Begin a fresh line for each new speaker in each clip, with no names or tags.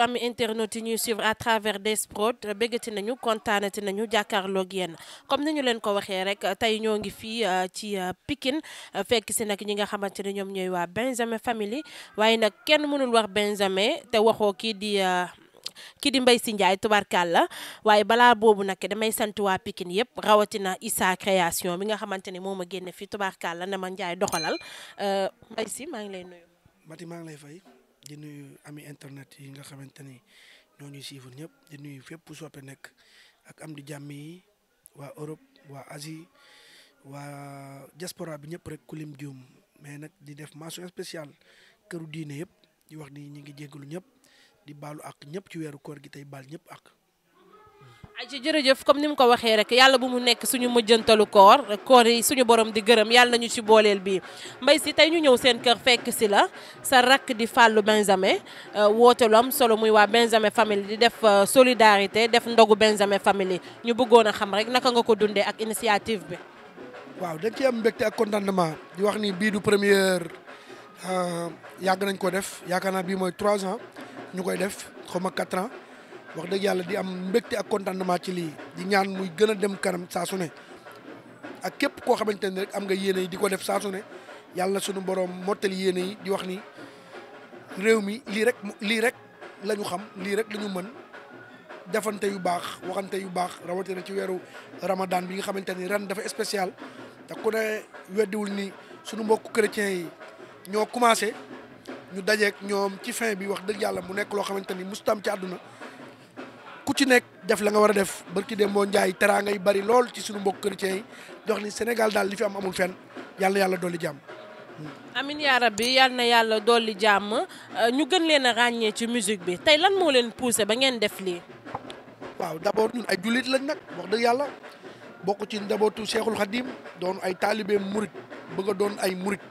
femme internautes yi ñuy suivre à travers des Prod bëggati nañu kontaanati nañu jàkkaarloog yenn comme ni ñu leen ko waxee rek tey ñoo ngi fii euh, ci euh, Pikine euh, fekk si nag ñi nga xamante ne ñoom ñooy waa Benjamin Family waaye nag kenn mënul wax Benjamin te waxoo kii di ki di Mbaye Sy Ndiaye tubarkàlla waaye balaa boobu nag damay sant waa Pikine yëpp rawatina Issa création bi nga xamante ne moom a génne fii tubarkàlla na ma Ndiaye doxalal Mbaye Sy maa ngi lay nuyu.
Mati di nuyu amee internet yi nga xamante ni ñoo ñuy suivre ñëpp di nuyu fépp soppe nekk ak am di jàmm yi waa Europe waa asi waa diaspora bi ñëpp rek kulim juum mais nag di def mention spéciale këru diine yëpp di wax ni ñu ngi jéggalu ñëpp di baalu ak ñëpp ci weeru koor gi tey baal ñëpp ak
aji jërëjëf comme ni mu ko waxee rek yàlla bu mu nekk suñu mujjantalu koor koor yi suñu borom di gërëm yàlla nañu ci booleel bi mbay si tey ñu ñëw seen kër fekk si la sa rakk di fàllu Benjamin euh, woote lu am solo muy waa Benjamin famille di def euh, solidarité def ndogu Benjamin famille ñu bëggoon a xam rek naka nga ko dundee ak initiative bi.
waaw dañ ci am mbégte ak contentement di wax ni bii du première euh, yàgg nañ ko def yaakaar naa bii mooy trois ans ñu koy def xaw ma quatre wax dëgg yàlla di am mbégte ak contentement ci lii di ñaan muy gën a dem kanam saa ne ak képp koo xamante ne rek am nga yéene yi di ko def saa su yàlla sunu borom mottali yéene yi di wax ni réew mi lii rek lii rek la xam lii rek la ñu mën defante yu baax waxante yu baax rawatina ci weeru ramadaan bi nga xamante ni ren dafa spécial te ku ne weddiwul nii sunu mbokku chrétien yi ñoo commencé ñu dajeek ñoom ci fin bi wax dëgg yàlla mu nekk loo xamante ni mustam ci àdduna bu ci nekk def la nga war a def barki dem boo njaay teraanga yi bari lool ci suñu mbokk chrétien yi jox ni Sénégal daal li fi am amul fenn yàlla na yàlla dolli jàmm.
amin yaa rabbi yal na yàlla dolli jàmm euh, ñu gën leen a ràññee ci musique bi tey lan moo leen poussé ba ngeen def lii.
waaw d'abord ñun ay jullit lañ nag wax dëgg yàlla bokk ci njabootu Cheikhul Khadim doon ay taalibe murit bëgg a doon ay murit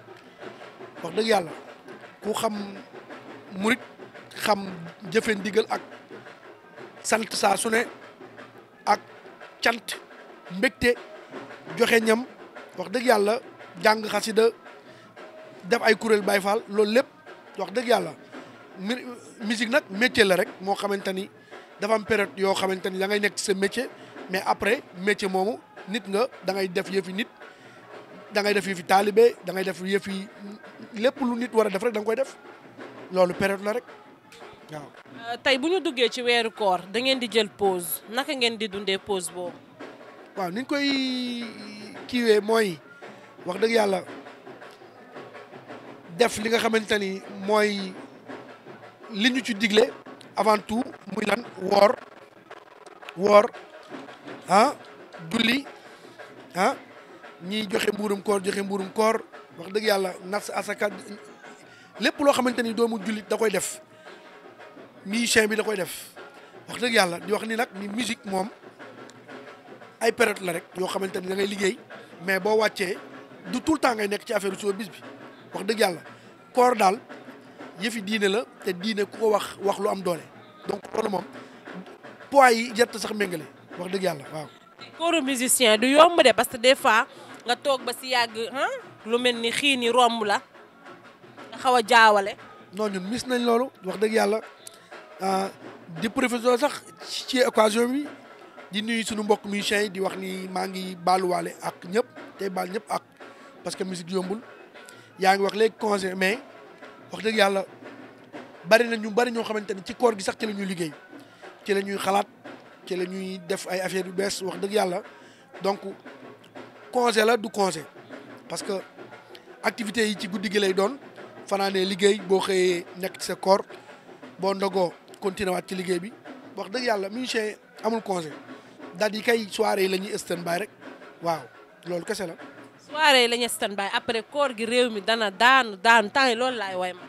wax dëgg yàlla ku xam murit xam jëfe ndigal ak. sant saa su ne ak cant mbégte joxe ñam wax dëgg yàlla jàng xasida def ay kuréel Baay Faal loolu lépp wax dëgg yàlla musique nag métier la rek moo xamante ni dafa am période yoo xamante ni da ngay nekk sa métier mais après métier moomu nit nga da ngay def yëfi nit dangay ngay def yëfi taalibe da ngay def yëfi lépp lu nit war a def rek da nga koy def loolu période la rek
waaw bu ñu duggee ci weeru koor da ngeen di jël pause naka ngeen di dundee pause boobu.
waaw ni koy kiiwee mooy wax dëgg yàlla def li nga xamante ni mooy li ñu ci digle avant tout muy lan woor woor ah julli ah ñiy joxe mbuurum koor joxe mburum koor wax dëgg yàlla nas asaka lépp loo xamante ni doomu jullit da koy def musicien bi da koy def wax dëgg yàlla di wax ni nag ni musique moom ay période la rek yoo xamante ni da ngay liggéey mais boo wàccee du tout le temps ngay nekk ci affaire showbiz bi wax dëgg yàlla koor daal yëfi diine la te ku ko wax wax lu am doole donc loolu moom poids yi jett sax méngale wax dëgg yàlla waaw.
kooru musicien du yomb de parce que des fois nga toog ba si yàgg lu mel ni xiini romb la nga xaw a jaawale. non ñun mis nañ loolu wax dëgg yàlla
Euh, di professeur sax ci occasion bi di nuyu sunu mbokk mi musiciens yi di wax ni maa ngi baaluwaale ak ñëpp tey baal ñëpp ak parce que musique yombul yaa ngi wax léegi concert mais wax dëgg yàlla bari na ñu bari ñoo xamante ni ci koor gi sax ci la ñuy liggéey ci la ñuy xalaat ci la ñuy def ay affaire yu bees wax dëgg yàlla donc concert la du concert parce que activités yi ci guddi gi lay doon fanaanee liggéey boo xëyee nekk ci sa koor boo ndogoo continuer waat ci liggéey bi wax dëgg yàlla musicien amul congé daal kay soirée yi la ñuy rek waaw loolu kese la.
soirée yi la ñuy après koor gi réew mi dana daanu daanu temps loolu laay way ma.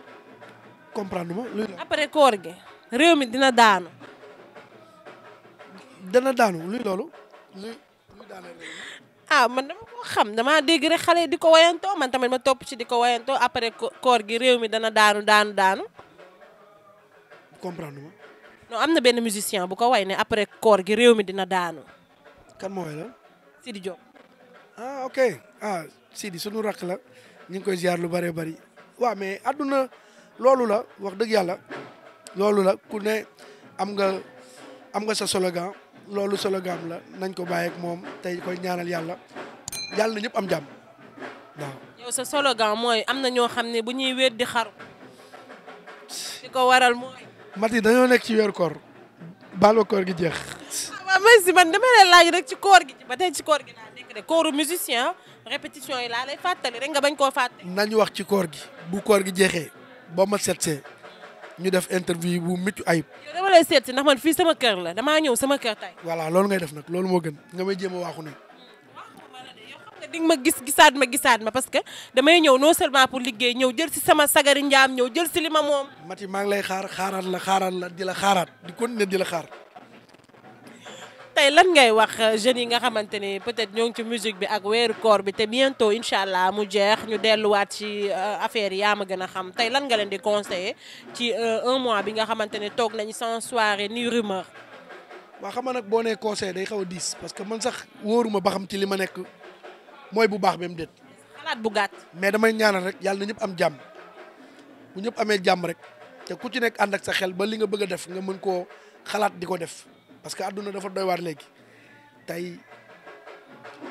comprendre ma luy la après koor réew mi dina daanu. dana daanu luy loolu. luy luy daaneel ah man dama ko xam damaa dégg rek xale di ko woyantoo man tamit ma topp ci di ko wayantoo après koor gi réew mi dana daanu daanu daanu. comprendre ma. non am na benn musicien bu ko way ne après koor gi réew mi dina daanu. kan moo way la. Sidi Diop. ah ok ah Sidi sunu rakk la
ñu ngi koy ziar lu bëree bari waa mais àdduna loolu la wax dëgg yàlla loolu la ku ne am nga am nga sa slogan loolu slogan la nañ ko bàyyeek moom tey koy ñaanal yàlla yàlla na ñëpp am jàmm
yow sa slogan mooy am na ñoo xam ne bu ñuy wéet di xaru. li ko waral mooy.
Mati dañoo nekk ci weeru koor balo koor gi jeex.
Ah, ma merci man dama lay laaj rek ci koor gi ba tey ci koor gi laa nekk de kooru musicien yi laa lay fàttali rek nga bañ koo fàttali. nañu wax ci koor gi bu koor gi jeexee boo ma seetsee ñu def interview
bu mucc ayib.
yow dama lay seet si man fii sama kër la damaa ñëw sama kër tey.
voilà loolu ngay def nag loolu moo gën
nga ma jéem a waaxu ne. di nga ma gis gisaat ma gisaat ma parce que damay ñëw non seulement pour liggéey ñëw jël si sama sagari njaam ñëw jël si li ma moom. Mati maa ngi lay xaar xaaraat la xaaraat la di la xaaraat di continuer di la xaar. tey lan ngay wax euh, jeunes yi nga xamante ni peut-être ñoo ngi ci musique bi ak weer koor bi te bientôt incha allah mu jeex ñu delluwaat ci euh, affaire yaa ma gën a xam tey lan nga leen di conseiller ci euh, un mois bi nga xamante ne toog nañu sans soirée ni rumeur.
waa xam nga nag boo nee conseil day xaw a parce que man sax wóoruma ba xam ci li ma nekk mooy bu baax mu déet. xalaat bu gàtt. mais damay ñaanal rek yàlla na ñëpp am jàmm bu ñëpp amee jàmm rek te ku ci nekk ànd ak sa xel ba li nga bëgg a def nga mën koo xalaat di ko def parce que àdduna dafa doy waar léegi tey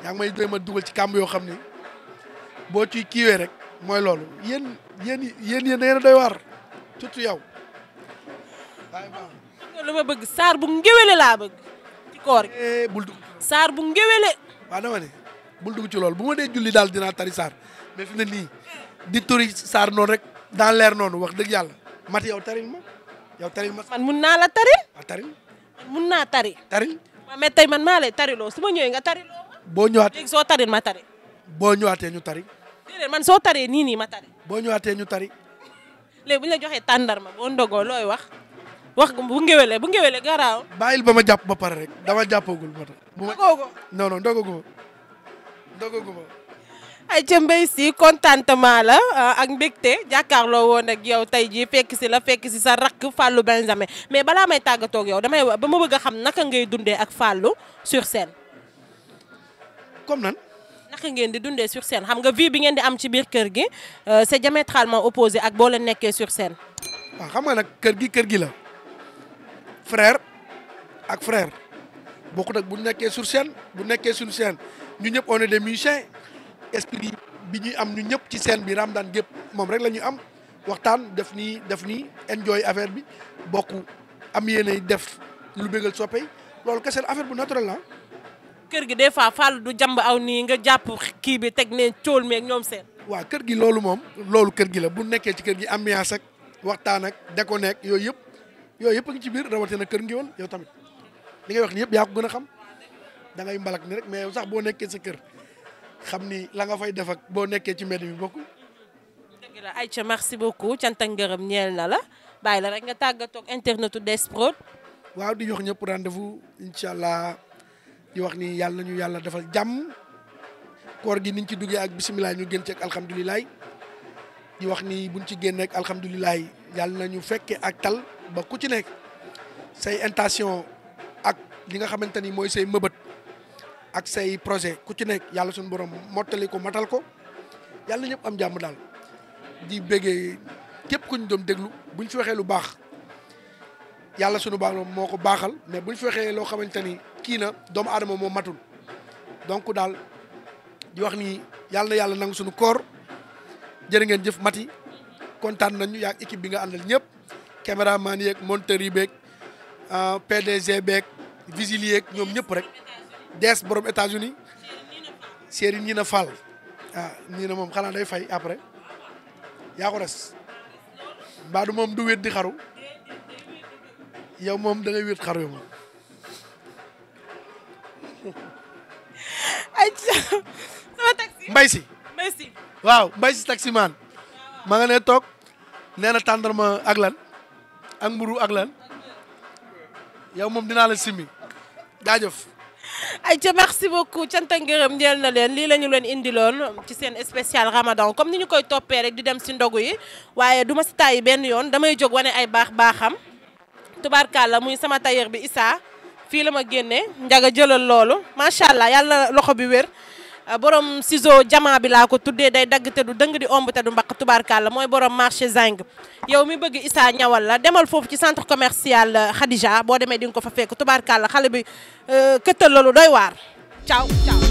yaa may doy ma dugal ci kàmb yoo xam ne boo ci kiiwee rek mooy loolu yéen yéen yéen yéen da ngeen a doy waar yow.
lu bëgg saar bu ngéwéle laa bëgg. ci eh, saar bu ngéwéle. waaw bul dugg ci loolu bu ma dee julli daal dinaa tari saar mais fi nii di tori saar noonu rek dans leer noonu wax dëgg yàlla mat yow taril ma yow tari ma. man mun naa la ah, taril. waaw taril. mun naa tari. taril. waaw mais tey man maa lay tariloo su ma ñëwee nga tariloo. boo ñëwaatee léegi soo taril ma tari. boo ñëwaatee ñu tari. déedéet man soo taree nii nii ma tari. boo ñëwaatee ñu tari. léegi bu ñu la joxee tàndarma boo ndogoo looy wax. wax bu ngéwélee bu ngéwélee garaaw.
bàyyil ba ma jàpp ba pare rek dama jàppagul moo tax.
bu ma non non ndogoo ko dogaguma ay ca mbay si contentement la euh, ak mbégte jàkkaarloo woon ak yow tey jii fekk si la fekk si sa rakk Fallou Benjamin mais balaa may tàggatoo ak yow damay ba ma bëgg a xam naka ngay dundee ak Fallou sur scène. comme nan. naka ngeen di dundee sur scène xam nga vie bi ngeen di am ci biir kër gi euh, c'est diamétralement ak boo leen nekkee sur scène. xam nga nag kër gi kër gi la frère ak frère bokkut ak bu nekkee sur scène
bu nekkee sur scène. ñu ñëpp on de des musiciens esprit bi ñuy am ñu ñëpp ci scène bi daan gépp moom rek la ñuy am waxtaan def nii def nii enjoy affaire bi bokku am yéenay def lu bégal soppey loolu kese affaire bu naturel la
kër gi des fois Fall du jàmb aw nii nga jàpp kii bi teg ne cóol meeg ñoom seen. waa kër gi
loolu moom loolu kër gi la bu nekkee ci kër gi ambiance ak waxtaan ak déco nekk yooyu yëpp yooyu yëpp a ngi ci biir rawatina kër ngi woon yow tamit li ngay wax ni yëpp yaa ko gën a xam. da ngay mbalak ni rek mais yow sax boo nekkee sa kër xam ni la nga fay def ak boo nekkee ci mbedd mi bokk.
dëgg la Aïcha merci beaucoup cant ak ngërëm ñeel na la bàyyi la rek nga tàggatoog internetu DS Prod.
waaw di jox ñëpp rendez-vous incha allah di wax ni yàlla ñu yàlla defal jàmm koor gi niñ ci duggee ak bisimilah ñu gën ci ak di wax ni buñ ci génnee ak alhamdulilah yàlla na ñu fekkee ak tal ba ku ci nekk say intention ak li nga xamante ni mooy say mëbët. ak say projet ku ci nekk yàlla suñu borom mottali ko matal ko yàlla ñëpp am jàmm daal di bëggee képp kuñ doom doon déglu bu ñu waxee lu baax yàlla sunu baaxloo moo ko baaxal mais bu ñu fi waxee loo xamante ni kii na doomu adama moo matul donc daal di wax ni yàlla na yàlla nangu suñu koor jërë ngeen jëf Mati kontaan nañu yaa équipe bi nga àndal ñëpp caméraman yeeg monteur yi beeg ah, PDG beeg vigile yeeg ñoom ñëpp rek. dees borom États-Unis Serigne ñi na Fall ah ñii na moom xanaa day fay après yaa mbadu moom du wét di xaru yow moom da ngay wét xaru yow mbay si waaw mbay si taximaan maa nga ne toog nee na tàndarma ak lan ak mburu ak lan
yow moom dinaa la simmi jaajëf ay ayca merci beaucoup cant ak ngërëm ñeel na leen lii la ñu leen indiloon ci seen spécial ramadan comme ni ñu koy toppee rek di dem si ndogu yi waaye duma ma si benn yoon damay jóg wane ay baax baaxam tubaarkàlla muy sama tailleur bi Issa fii la ma génnee njaga jëlal loolu macha allah yàlla loxo bi wér. Euh, borom ciseau jamaa bi laa ko tuddee day dagg te du dëng di omb te du mbaq tubaarkàlla mooy borom marché zinc yow mi bëgg Issa ñawal la demal foofu ci centre commercial euh, Khadija boo demee di ko fa fekk tubaarkàlla xale bi euh, këttal loolu doy waar ciao ciao